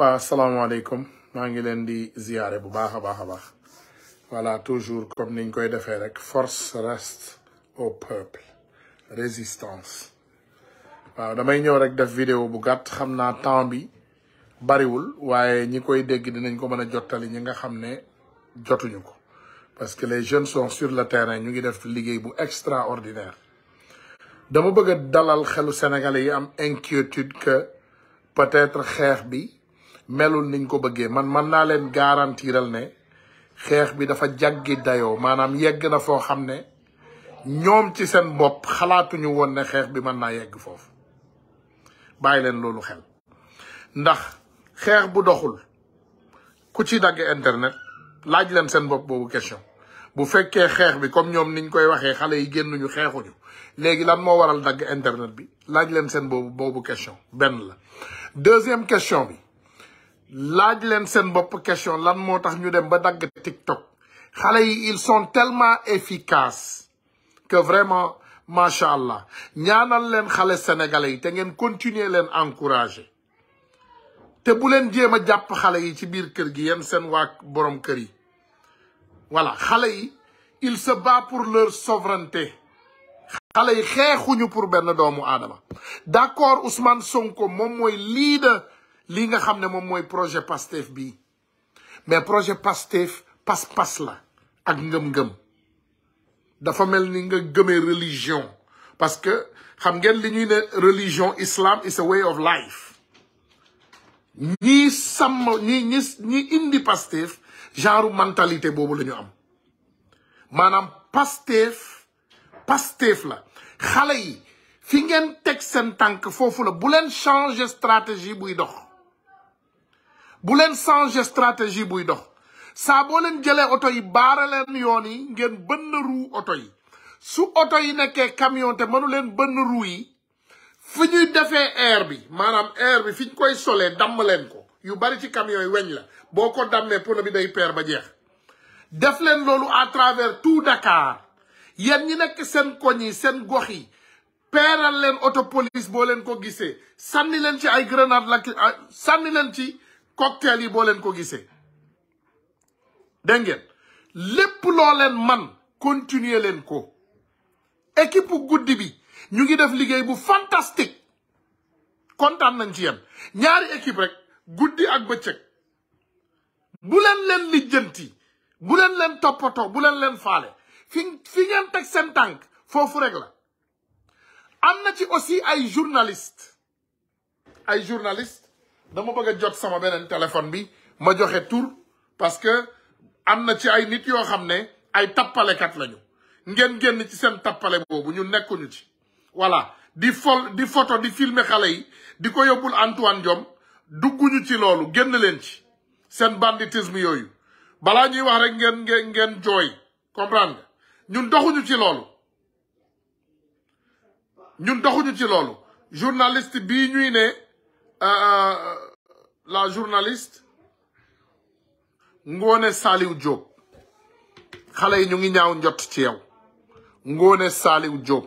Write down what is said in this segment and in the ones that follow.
waaw asalaamaaleykum maa ngi leen di ziyaare bu baax a baax a baax voilà toujours comme niñ koy defee rek force reste au peuple résistance waaw damay ñëw rek def vidéo bu gàtt xam naa temps bi bariwul waaye ñi koy dégg dinañ ko mën a jottali ñi nga xam ne jotuñu ko parce que les jeunes sont sur le terrain ñu ngi def liggéey bu extraordinaire dama bëgg a dalal xelu sénégalais yi am inquiétude que peut-être xeex bi melul niñ ko bëggee man man naa leen garantiral ne xeex bi dafa jaggi dayoo maanaam yegg na foo xam ne ñoom ci seen bopp xalaatuñu woon ne xeex bi mën naa yegg foofu bàyyi leen loolu xel ndax xeex bu doxul ku ci dagg internet laaj leen seen bopp boobu question bu fekkee xeex bi comme ñoom niñ koy waxee xale yi génnuñu xeexuñu léegi lan moo waral dagg internet bi laaj leen seen boobu boobu question benn la deuxième question bi laaj leen seen bopp question lan moo tax ñu dem ba dagg TikTok xale yi ils sont tellement efficaces que vraiment macha allah ñaanal leen xale sénégalais yi te ngeen continuer leen encourager te bu leen jéem a jàpp xale yi ci biir kër gi yéen seen waa borom kër yi voilà xale yi il se bat pour leur souveraineté xale yi xeexuñu pour benn doomu aadama d'accord Ousmane Sonko moom mooy leader lii nga xam ne moom mooy projet Pastef bii mais projet Pastef pas-pas la ak ngëm-ngëm dafa mel ni nga gëmee religion parce que xam ngeen li ñuy ne religion islam is a way of life ñii sàmm ñi ñi indi Pastef genre mentalité boobu la ñu am maanaam Pastef Pastef la xale yi fi ngeen teg seen tànk foofu la bu leen changer stratégie buy dox bu leen changer stratégie buy dox saa boo leen jëlee oto yi baare leen yoon yi ngeen bënn ruu oto yi su oto yi nekkee camion te mënu leen bënn ruu yi fi ñuy defee air bi maanaam air bi fi ñu koy solee damm leen ko yu bari ci camion yi weñ la boo ko dammee pono bi day peer ba jeex def leen loolu à travers tout Dakar yéen ñi nekk seen koñ yi seen gox yi peeral leen auto police boo leen ko gisee sànni leen ci ay grenade la euh, sànni leen ci cocktail yi boo leen ko gisee dégg ngeen lépp loo leen man continuer leen ko équipe guddi bi ñu ngi def liggéey bu fantastique kontaan nañ ci yéen ñaari équipe rek guddi ak bëccëg bu leen leen lijjanti bu leen toppatoo bu leen leen faale fi fi ngeen teg seen tànk foofu rek la am na ci aussi ay journaliste ay journaliste dama bëgg jot sama beneen téléphone bi ma joxe tur parce que am na ci ay nit yoo xam ne ay tappalekat lañu ngeen génn ci seen tappale boobu ñu nekkuñu ci. voilà di fol di photo di filmer xale yi di ko yóbbul Antoine Diome dugguñu ci loolu génn leen ci seen banditisme yooyu balaa ñuy wax rek ngeen ngeen ngeen jooy comprendre nga ñun doxuñu ci loolu. ñun doxuñu ci loolu ñuy ne. Euh, euh, la journaliste Ngoone Saliou Diop xale yi ñu ngi ñaaw njot ci yow Ngoone Saliou Diop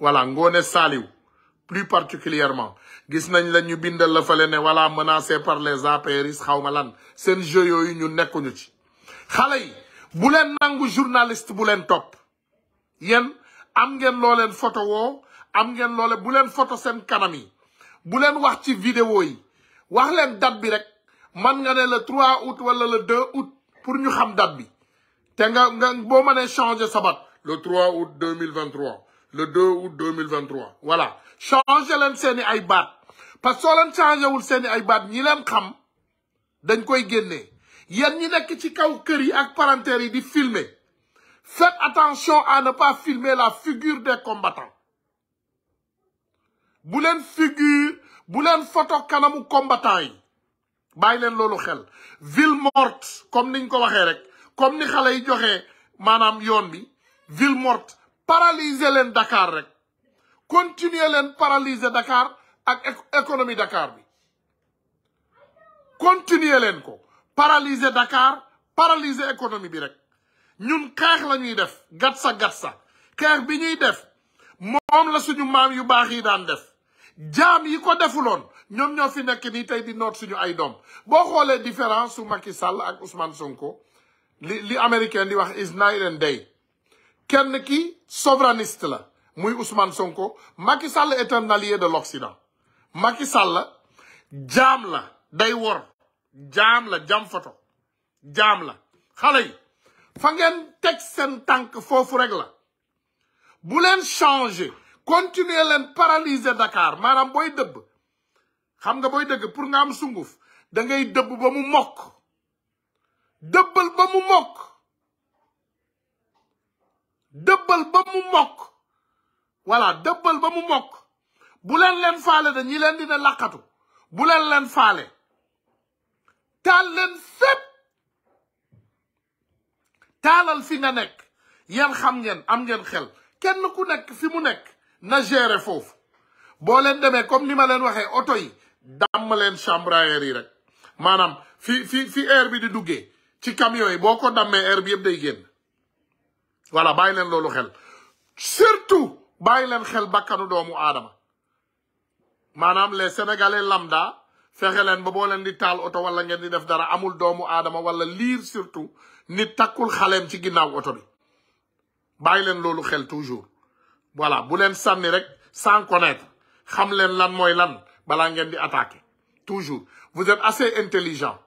wala Ngoone Saliou plus particulièrement gis nañ la ñu bindal la fale ne voilà menacé par les apéristes xaw ma lan seen jeu yooyu ñu nekkuñu ci xale yi bu leen nangu journaliste bu leen topp yéen am ngeen loo leen photo woo am ngeen loole bu leen photo seen kanam yi bu leen wax ci vidéo yi wax leen date bi rek man nga ne le 3 aut wala le 2 août pour ñu xam date bi te nga nga boo mënee changer sabat le 3 août 2023 le 2 août 2023 voilà changer leen seeni ay baat parce que soo leen changé wul seeni ay baat ñi leen xam dañ koy génnee yéen ñi nekk ci kaw kër yi ak parentère yi di filmer faites attention à ne pas filmer la figure des combattants bu leen figure bu leen photo kanamu combattant yi bàyyi leen loolu xel ville morte comme niñ ko waxee rek comme ni xale yi joxe maanaam yoon bi ville morte paralyser leen dakaar rek continuer leen paralyser dakaar ak économie dakaar bi continuer leen ko paralyser Dakar paralyser économie bi rek ñun xeex la ñuy def gatsa gatsa xeex bi ñuy def moom la suñu maam yu baax yi daan def jaam yi ko defuloon ñoom ñoo fi nekk nii tey di noot suñu ay doom boo xoolee différence su Macky Sall ak Ousmane Sonko li américain di wax is night and day kenn ki souverainiste la muy Ousmane Sonko Macky Sall est un allié de l'Occident Macky Sall jaam la day wor jaam la jaam foto jaam la xale fa ngeen teg seen tànk foofu rek la bu leen changer continuer leen paralyser Dakar maanaam booy dëbb xam nga booy dëgg pour nga am sunguf da ngay dëbb ba mu mokk dëbbal ba mu mokk dëbbal ba voilà dëbbal ba mu mokk bu leen leen faale da ñi leen dina laqatu bu leen leen fale taal leen fépp taalal fi nga nekk yéen xam ngeen am ngeen xel kenn ku nekk fi mu nekk na gérer foofu boo leen demee comme ni ma leen waxee oto yi dàmm leen chambre à air yi rek maanaam fi fi fi air bi di duggee ci camion yi boo ko dammee air bi yëpp day génn voilà bàyyi leen loolu xel surtout bàyyi leen xel bakkanu doomu aadama maanaam les sénégalais lamda fexe leen ba boo leen di taal oto wala ngeen di def dara amul doomu aadama wala liir surtout nit takkul xaleem ci ginnaaw oto bi bàyyi leen loolu xel toujours voilà bu leen sànni rek sans connaître xam leen lan mooy lan balaa ngeen di attaquer toujours vous êtes assez intelligent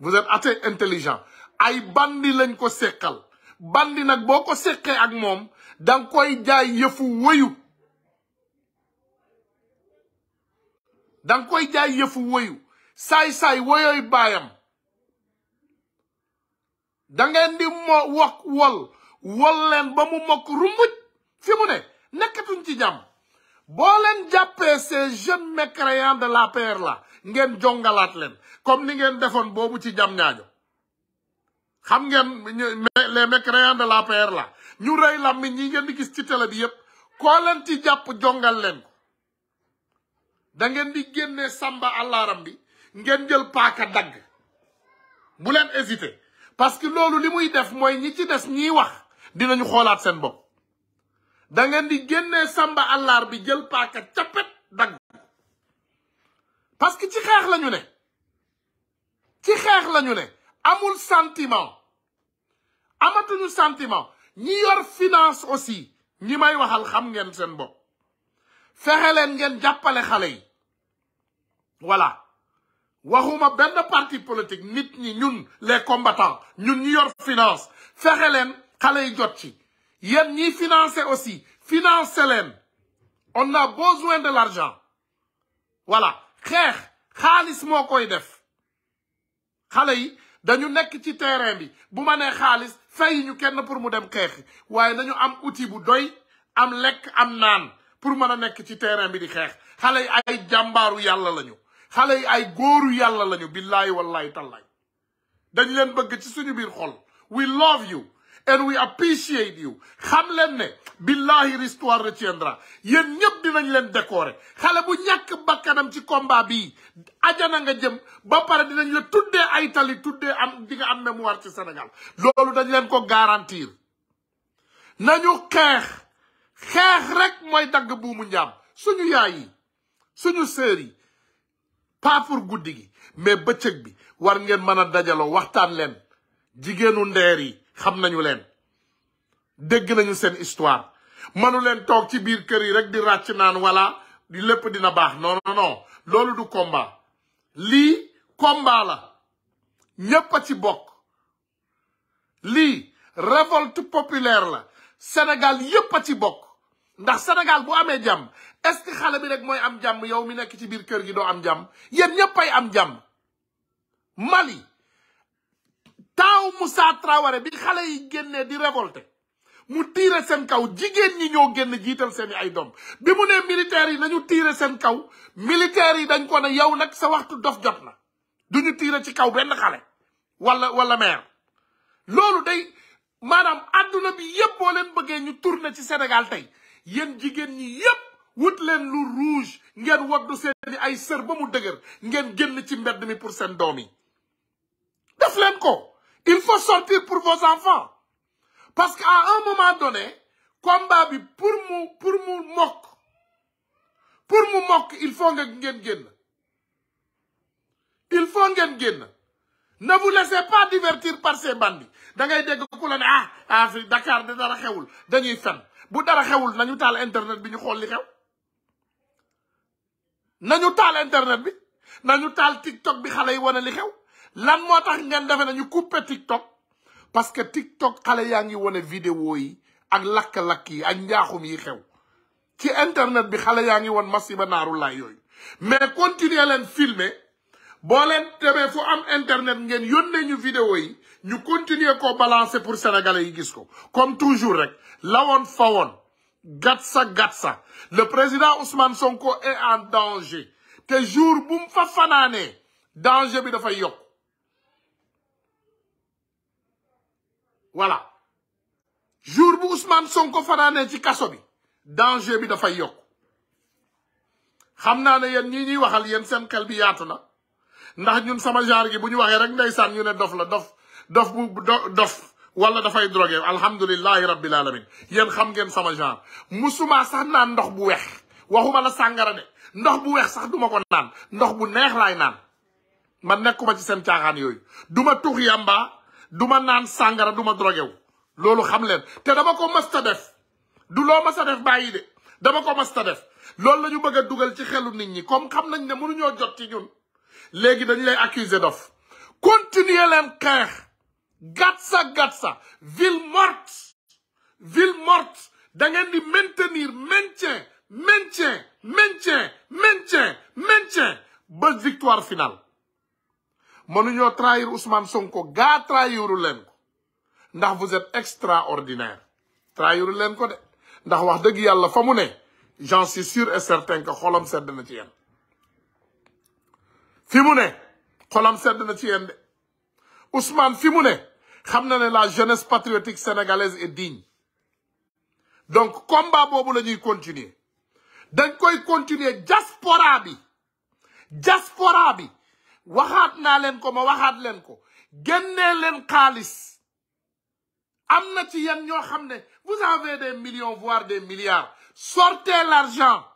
vous êtes assez intelligent ay bandi lañ ko seqal bandi nag boo ko seqee ak moom dang koy jaay yëfu wëyu danga koy jaay yëfu wëyu saay-saay woyooy baayam dangeen di mo wok wol wol leen ba mu mokk rumuj fi mu ne nekkatuñ ci jàmm boo leen jàppee ces jeunes mécréants de l'APR la ngeen jongalaat leen comme ni ngeen defoon boobu ci jam ñaajo xam ngeen les mécréants de l'APR la ñu rey lammi ñi ngeen di gis ci télé bi yépp koo leen ci jàpp jongal leen ko da ngeen di génne samba àllaaram bi ngeen jël paaka dagg bu leen hésiter parce que loolu li muy def mooy ñi ci des ñiy wax dinañu xoolaat seen bopp da ngeen di génne sàmba àllar bi jël paaka capet dagg parce que ci xeex la ñu ne ci xeex la ñu ne amul sentiment amatuñu sentiment ñi yor finance aussi ñi may waxal xam ngeen seen bopp fexe leen ngeen jàppale xale yi voilà waxuma benn parti politique nit ñi ñun les combattants ñun ñi yor finance fexe leen xale yi jot ci yéen ñiy financé aussi financer leen on bo besoin de l'argent voilà xeex xaalis moo koy def xale yi dañu nekk ci terrain bi bu ma xaalis fay kenn pour mu dem xeex waaye nañu am outi bu doy am lekk am naan pour mën a nekk ci terrain bi di xeex xale yi ay jàmbaaru yàlla lañu xale yi ay góoru yàlla lañu billaahi wallaahi tallaay dañ leen bëgg ci suñu biir xol we love you and we appreciate you xam leen ne billahi l'histoire retiendra yéen ñëpp dinañ leen décorer xale bu ñàkk bakkanam ci combat bii ajana nga jëm ba pare dinañ la tuddee ay tali tuddee am di nga am mémoire ci Sénégal loolu dañu leen ko garantir nañu xeex xeex rek mooy dagg buumu njaam suñu yaay yi suñu sœur yi pas pour guddi gi mais bëccëg bi war ngeen mën a dajaloo waxtaan leen jigéenu ndeer yi xam nañu leen dégg nañu seen histoire manu leen toog ci biir kër yi rek di ràcc naan wala di lépp dina baax non non loolu du komba lii komba la ñépp ci bokk lii révolte populaire la Sénégal yépp a ci bokk ndax Sénégal bu amee jàmm est-ce que xale bi rek mooy am jàmm yow mi nekk ci biir kër gi doo am jàmm yéen ñépp ay am jàmm Mali taaw saa Traoré bi xale yi génnee di révolté mu tiire seen kaw jigéen ñi ñoo génn jiital seen i ay doom bi mu ne militaires yi nañu tiire seen kaw militaires yi dañ ko ne yow nag sa waxtu dof jot na duñu tiire ci kaw benn xale wala wala meer loolu day maanaam àdduna bi yépp boo leen bëggee ñu tourner ci Sénégal tey yéen jigéen ñi yépp wut leen lu rouge ngeen waddu seen ay sër ba mu dëgër ngeen génn ci mbedd mi pour seen doom yi def leen ko il faut sortir pour vos enfants parce qu'à un moment donné combat bi pour mu pour mu mokk pour mu mokk il faut nga ngeen génn il faut ngeen génn ne vous laissez pas divertir par ces bandits da ngay dégg ku la ne ah ah fii Dakar de dara xewul dañuy fen bu dara xewul na ñu taal internet bi ñu xool li xew nañu taal internet bi nañu taal TikTok bi xale yi wane li xew lan moo tax ngeen defe nañu couper TikTok parce que TikTok xale yaa ngi wane vidéo yi ak lakk-lakk yi ak njaaxum yi xew ci internet bi xale yaa ngi wan masiba naaru lay yooyu mais continuer leen filmer boo leen demee fu am internet ngeen yónnee ñu video yi ñu continuer koo balancer pour sénégalais yi gis ko comme toujours rek lawoon fawoon gatsa gatsa le président Ousmane Sonko est en danger te jour bu fa fanaane danger bi dafa yokk voilà jour bu Ousmane Sonko fanaane ci kaso bi danger bi dafay yokk xam naa ne yéen ñii ñuy waxal yéen seen xel bi yaatu na ndax ñun sama genre gi bu ñu waxee rek ndeysaan ñu ne dof la dof dof bu dof wala dafay drogué alhamdulilahi rabbil alamin yéen xam ngeen sama genre musuma sax naan ndox bu weex waxuma la sàngara de ndox bu weex sax duma ko naan ndox bu neex laay naan man nekkuma ci seen caaxaan yooyu duma tux yamba du ma naan sàngara duma ma loolu xam leen te dama ko masta def du loo masta def bàyyi de dama ko masta def loolu la ñu bëgg a dugal ci xelu nit ñi comme xam nañ ne mënuñoo jot ci ñun léegi dañu lay accuser dof continuer leen xeex gatsa gatsa ville morte ville morte da ngeen di maintenir maintien maintien maintien maintien maintien ba victoire finale mënuñoo trahir Ousmane Sonko ga trahiru leen ko ndax vous êtes extraordinaire trahiru leen ko de ndax wax dëgg yàlla fa ne j'en suis sur et certain que xolam sedd na ci yéen fi mu ne xolam sedd na ci yéen de Ousmane fi mu ne xam na ne la jeunesse patriotique sénégalaise est digne donc combat boobu lañuy ñuy continuer dañ koy continuer diaspora bi diaspora bi waxaat naa leen ko ma waxaat leen ko génnee leen kaalis am na ci yéen ñoo xam ne vous avez des millions voire des milliards sortez l'argent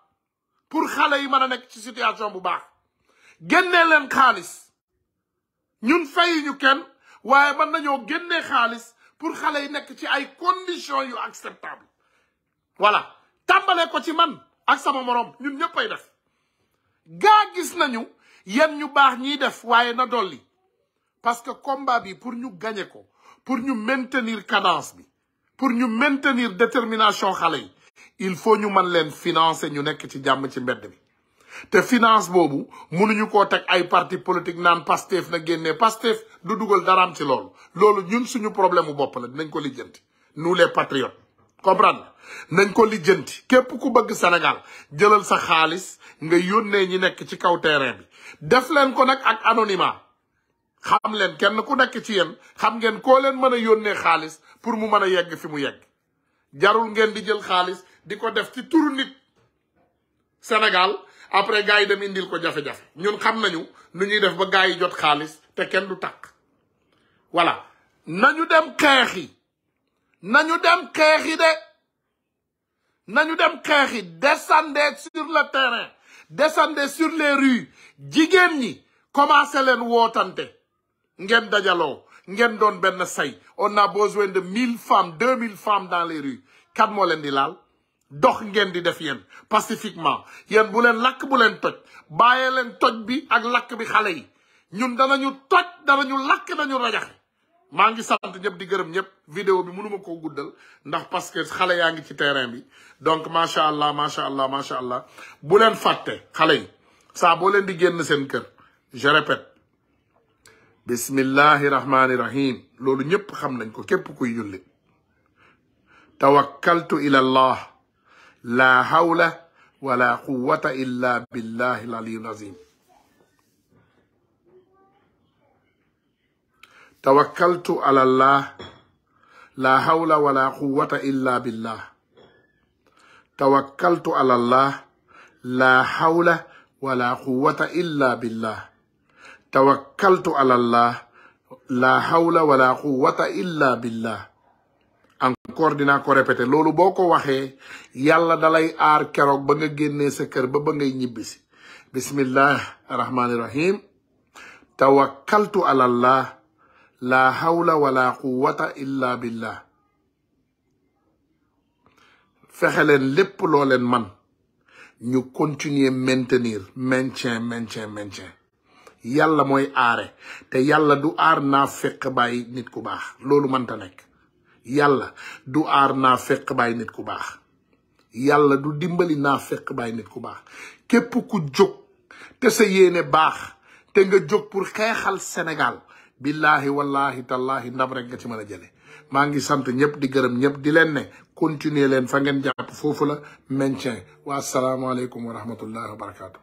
pour xale yi mën a nekk ci situation bu baax génnee leen xaalis ñun fayu ñu kenn waaye mën nañoo génnee xaalis pour xale yi nekk ci ay conditions yu acceptable voilà tàmbalee ko ci man ak sama moroom ñun ñëppay def gaa gis nañu yéen ñu baax ñiy def waaye na dolli parce que combat yi pour ñu gañee ko pour ñu maintenir cadence bi pour ñu maintenir détermination xale yi il faut ñu mën leen financer ñu nekk ci jàmm ci mbedd mi te finance boobu mënuñu koo teg ay parti politique naan Pastef na génnee Pastef du dugal daram ci loolu loolu ñun suñu problème mu bopp la dinañ ko lijjanti nous les patriotes comprendre nañ ko lijjanti képp ku bëgg Sénégal jëlal sa xaalis nga yónnee ñi nekk ci kaw terrain bi def leen ko nag ak anonymat xam leen kenn ku nekk ci yéen xam ngeen koo leen mën a yónnee xaalis pour mu mën a yegg fi mu yegg jarul ngeen di jël xaalis di ko def ci turu nit Sénégal après gars yi dem indil ko jafe-jafe ñun xam nañu nu ñuy def ba gars yi jot xaalis te kenn du takk voilà nañu dem xeexi nañu dem xeexi de nañu dem xeexi descendez sur le terrain descendez sur le rues jigéen ñi commencé leen wootante ngeen dajaloo ngeen doon benn say on na a besoin de mille femmes deux mille femmes dans les rues kan moo leen di laal dox ngeen di def yéen pacifiquement yéen bu leen lakk bu leen toj bàyyee leen toj bi ak lakk bi xale yi ñun danañu toj danañu lakk dañu rajaxe maa ngi sant ñëpp di gërëm ñëpp vidéo bi mënuma koo guddal ndax parce que xale yaa ngi ci terrain bi donc macha allah macha allah macha allah bu leen fàtte xale yi saabo boo leen di génn seen kër je répète bismillahi rahmani rahim loolu ñëpp xam nañ ko képp kuy julli tawakkaltu ila allah la hawla wala quwwata illa billahi al aliyyil azim tawakkaltu ala llah la hawla wala quwwata illa billah tawakkaltu ala la hawla wala quwwata illa billah tawakkaltu ala llah la hawla wala quwwata illa billah encore dinaa ko répété loolu boo ko waxee yàlla dalay aar keroog ba nga génnee kër ba ba ngay ñibbisi bismillah rahmaani rahim tawakkaltu ala la hawla wala quwwata illa billah fexe leen lépp loo leen man ñu continuer maintenir mentien maintien maintien yàlla mooy aare te yàlla du aar naa fekk bàyyi nit ku baax loolu mënta nekk yàlla du aar na fekk bàyyi nit ku baax yàlla du dimbali naa fekk bàyyi nit ku baax képp ku jóg te sa baax te nga jóg pour xeexal Sénégal billaahi wallaahi tallaahi ndam rek nga ci mën a jële maa ngi sant ñëpp di gërëm ñëpp di leen ne continuer leen fa ngeen jàpp foofu la maintien wa asalaamaaleykum wa rahmatullahi wa barakaatu.